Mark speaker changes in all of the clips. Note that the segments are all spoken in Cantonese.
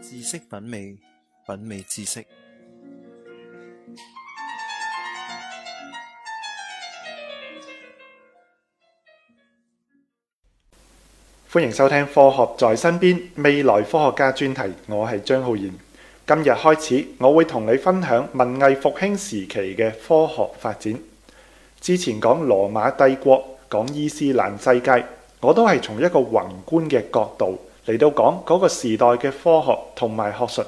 Speaker 1: 知識品味，品味知識。歡迎收聽《科學在身邊：未來科學家》專題。我係張浩然。今日開始，我會同你分享文藝復興時期嘅科學發展。之前講羅馬帝國，講伊斯蘭世界，我都係從一個宏觀嘅角度。嚟到講嗰個時代嘅科學同埋學術，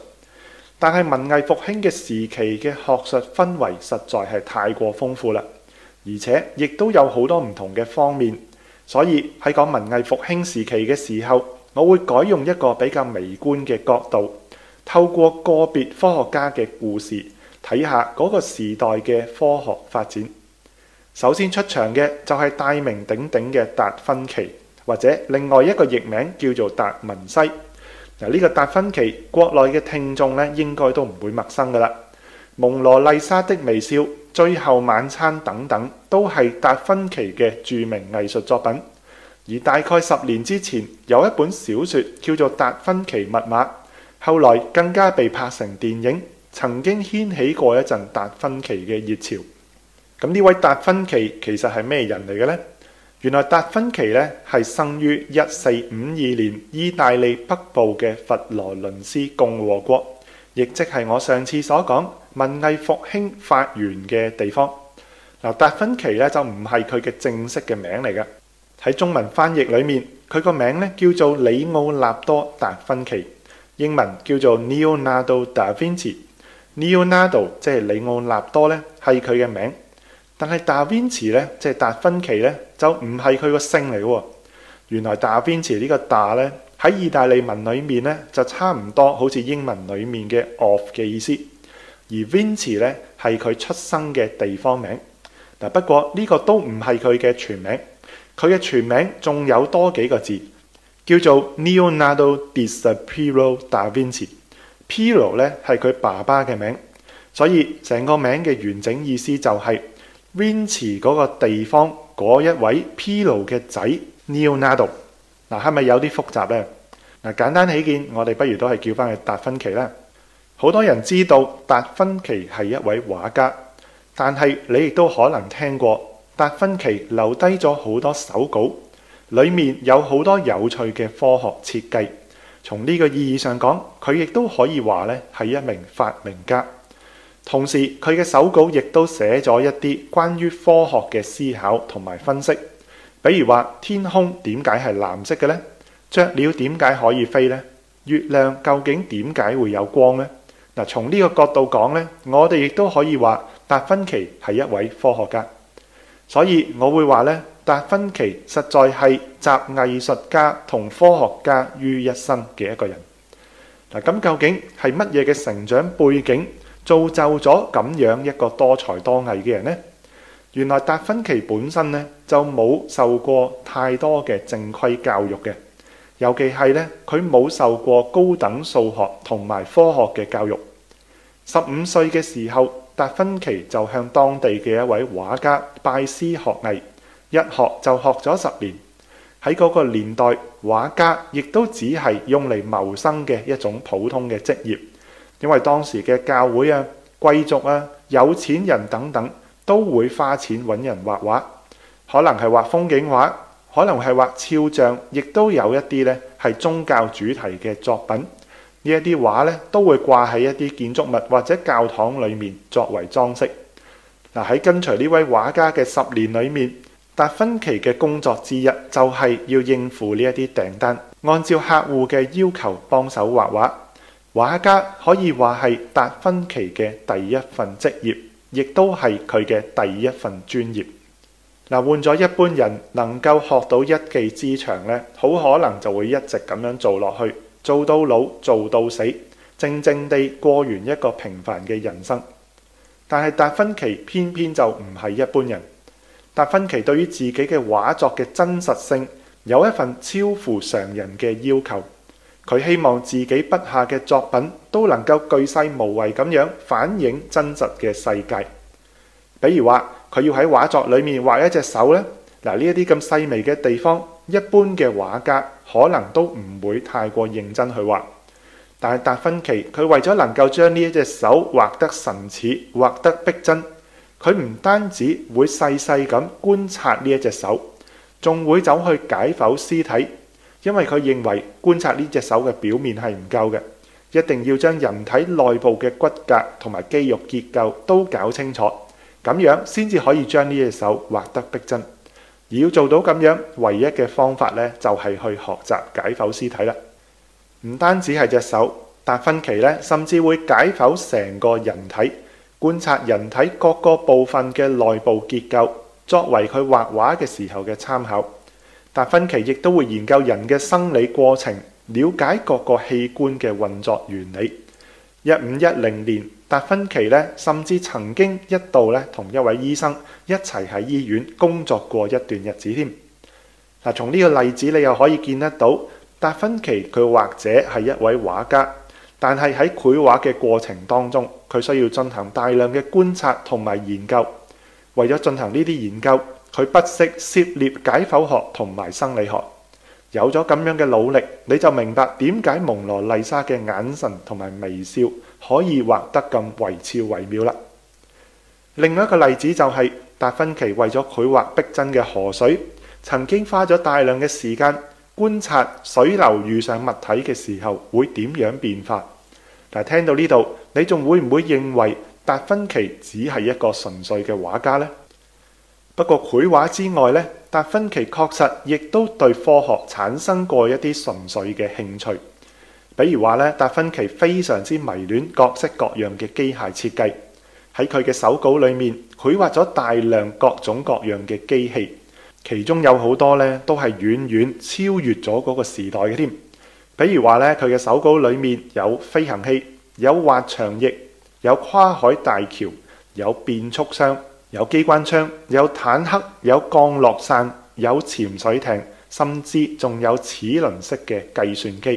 Speaker 1: 但係文藝復興嘅時期嘅學術氛圍實在係太過豐富啦，而且亦都有好多唔同嘅方面。所以喺講文藝復興時期嘅時候，我會改用一個比較微觀嘅角度，透過個別科學家嘅故事睇下嗰個時代嘅科學發展。首先出場嘅就係大名鼎鼎嘅達芬奇。或者另外一個譯名叫做達文西。嗱，呢個達芬奇，國內嘅聽眾咧應該都唔會陌生噶啦，《蒙羅麗莎的微笑》、《最後晚餐》等等，都係達芬奇嘅著名藝術作品。而大概十年之前，有一本小説叫做《達芬奇密碼》，後來更加被拍成電影，曾經掀起過一陣達芬奇嘅熱潮。咁呢位達芬奇其實係咩人嚟嘅呢？原來達芬奇咧係生於一四五二年意大利北部嘅佛羅倫斯共和國，亦即係我上次所講文藝復興發源嘅地方。嗱，達芬奇咧就唔係佢嘅正式嘅名嚟嘅，喺中文翻譯裡面，佢個名咧叫做李奧納多達芬奇，英文叫做 Leonardo da Vinci。Leonardo 即係李奧納多咧，係佢嘅名。但係達芬奇咧，即係達芬奇咧，就唔係佢個姓嚟嘅喎。原來達芬奇呢個達咧喺意大利文裏面咧，就差唔多好似英文裏面嘅 of 嘅意思，而 Vinci 咧係佢出生嘅地方名。嗱，不過呢個都唔係佢嘅全名，佢嘅全名仲有多幾個字，叫做 Leonardo di ser Piero da Vinci。Piero 咧係佢爸爸嘅名，所以成個名嘅完整意思就係、是。Vinci 嗰個地方嗰一位 Piero 嘅仔 Leonardo，嗱係咪有啲複雜呢？嗱簡單起見，我哋不如都係叫翻佢達芬奇啦。好多人知道達芬奇係一位畫家，但係你亦都可能聽過達芬奇留低咗好多手稿，裡面有好多有趣嘅科學設計。從呢個意義上講，佢亦都可以話咧係一名發明家。同時，佢嘅手稿亦都寫咗一啲關於科學嘅思考同埋分析，比如話天空點解係藍色嘅呢？雀鳥點解可以飛呢？月亮究竟點解會有光呢？嗱，從呢個角度講呢，我哋亦都可以話達芬奇係一位科學家，所以我會話呢，達芬奇實在係集藝術家同科學家於一身嘅一個人嗱。咁究竟係乜嘢嘅成長背景？造就咗咁樣一個多才多藝嘅人呢？原來達芬奇本身呢，就冇受過太多嘅正規教育嘅，尤其係呢，佢冇受過高等數學同埋科學嘅教育。十五歲嘅時候，達芬奇就向當地嘅一位畫家拜師學藝，一學就學咗十年。喺嗰個年代，畫家亦都只係用嚟謀生嘅一種普通嘅職業。因為當時嘅教會啊、貴族啊、有錢人等等都會花錢揾人畫畫，可能係畫風景畫，可能係畫肖像，亦都有一啲呢係宗教主題嘅作品。畫呢一啲畫呢都會掛喺一啲建築物或者教堂裏面作為裝飾。嗱，喺跟隨呢位畫家嘅十年裏面，達芬奇嘅工作之一就係要應付呢一啲訂單，按照客戶嘅要求幫手畫畫。畫家可以話係達芬奇嘅第一份職業，亦都係佢嘅第一份專業。嗱，換咗一般人能夠學到一技之長呢，好可能就會一直咁樣做落去，做到老，做到死，靜靜地過完一個平凡嘅人生。但係達芬奇偏偏就唔係一般人。達芬奇對於自己嘅畫作嘅真實性，有一份超乎常人嘅要求。佢希望自己筆下嘅作品都能夠巨細無遺咁樣反映真實嘅世界。比如話，佢要喺畫作裏面畫一隻手咧，嗱呢一啲咁細微嘅地方，一般嘅畫家可能都唔會太過認真去畫。但係達芬奇，佢為咗能夠將呢一隻手畫得神似、畫得逼真，佢唔單止會細細咁觀察呢一隻手，仲會走去解剖屍體。因為佢認為觀察呢隻手嘅表面係唔夠嘅，一定要將人體內部嘅骨骼同埋肌肉結構都搞清楚，咁樣先至可以將呢隻手畫得逼真。而要做到咁樣，唯一嘅方法呢，就係去學習解剖屍體啦。唔單止係隻手，達芬奇呢，甚至會解剖成個人體，觀察人體各個部分嘅內部結構，作為佢畫畫嘅時候嘅參考。達芬奇亦都會研究人嘅生理過程，了解各個器官嘅運作原理。一五一零年，達芬奇咧甚至曾經一度咧同一位醫生一齊喺醫院工作過一段日子添。嗱，從呢個例子你又可以見得到，達芬奇佢或者係一位畫家，但係喺繪畫嘅過程當中，佢需要進行大量嘅觀察同埋研究，為咗進行呢啲研究，佢不惜涉獵解剖學同埋生理學，有咗咁樣嘅努力，你就明白點解蒙羅麗莎嘅眼神同埋微笑可以畫得咁惟肖惟妙啦。另外一個例子就係、是、達芬奇為咗繪畫逼真嘅河水，曾經花咗大量嘅時間觀察水流遇上物體嘅時候會點樣變化。但係聽到呢度，你仲會唔會認為達芬奇只係一個純粹嘅畫家呢？不過繪畫之外咧，達芬奇確實亦都對科學產生過一啲純粹嘅興趣。比如話咧，達芬奇非常之迷戀各式各樣嘅機械設計，喺佢嘅手稿裏面繪畫咗大量各種各樣嘅機器，其中有好多咧都係遠遠超越咗嗰個時代嘅添。比如話咧，佢嘅手稿裏面有飛行器，有滑翔翼，有跨海大橋，有變速箱。有機關槍，有坦克，有降落傘，有潛水艇，甚至仲有齒輪式嘅計算機。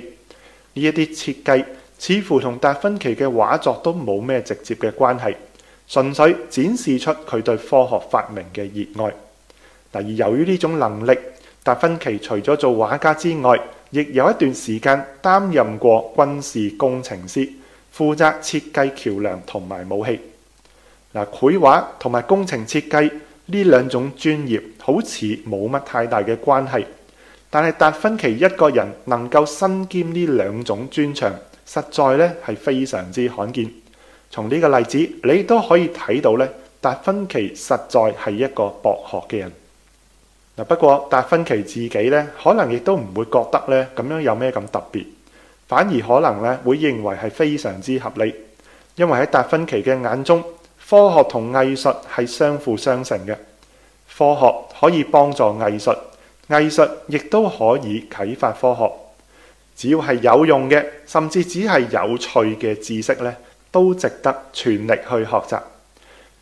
Speaker 1: 呢一啲設計似乎同達芬奇嘅畫作都冇咩直接嘅關係，純粹展示出佢對科學發明嘅熱愛。第二，由於呢種能力，達芬奇除咗做畫家之外，亦有一段時間擔任過軍事工程師，負責設計橋梁同埋武器。嗱，繪畫同埋工程設計呢兩種專業好似冇乜太大嘅關係，但係達芬奇一個人能夠身兼呢兩種專長，實在咧係非常之罕見。從呢個例子，你都可以睇到咧，達芬奇實在係一個博學嘅人。嗱，不過達芬奇自己咧，可能亦都唔會覺得咧咁樣有咩咁特別，反而可能咧會認為係非常之合理，因為喺達芬奇嘅眼中，科學同藝術係相輔相成嘅，科學可以幫助藝術，藝術亦都可以啟發科學。只要係有用嘅，甚至只係有趣嘅知識呢，都值得全力去學習。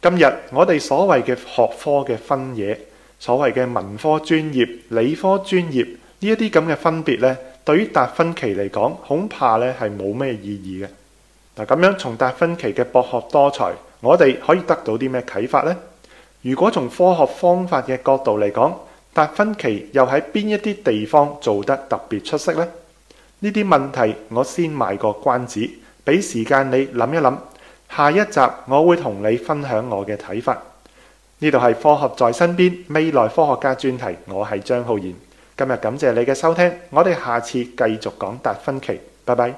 Speaker 1: 今日我哋所謂嘅學科嘅分野，所謂嘅文科專業、理科專業呢，一啲咁嘅分別呢，對於達芬奇嚟講，恐怕呢係冇咩意義嘅。嗱，咁樣從達芬奇嘅博學多才，我哋可以得到啲咩啟發呢？如果從科學方法嘅角度嚟講，達芬奇又喺邊一啲地方做得特別出色呢？呢啲問題我先賣個關子，俾時間你諗一諗。下一集我會同你分享我嘅睇法。呢度係科學在身邊未來科學家專題，我係張浩然。今日感謝你嘅收聽，我哋下次繼續講達芬奇。拜拜。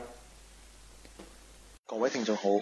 Speaker 1: 各位聽眾好。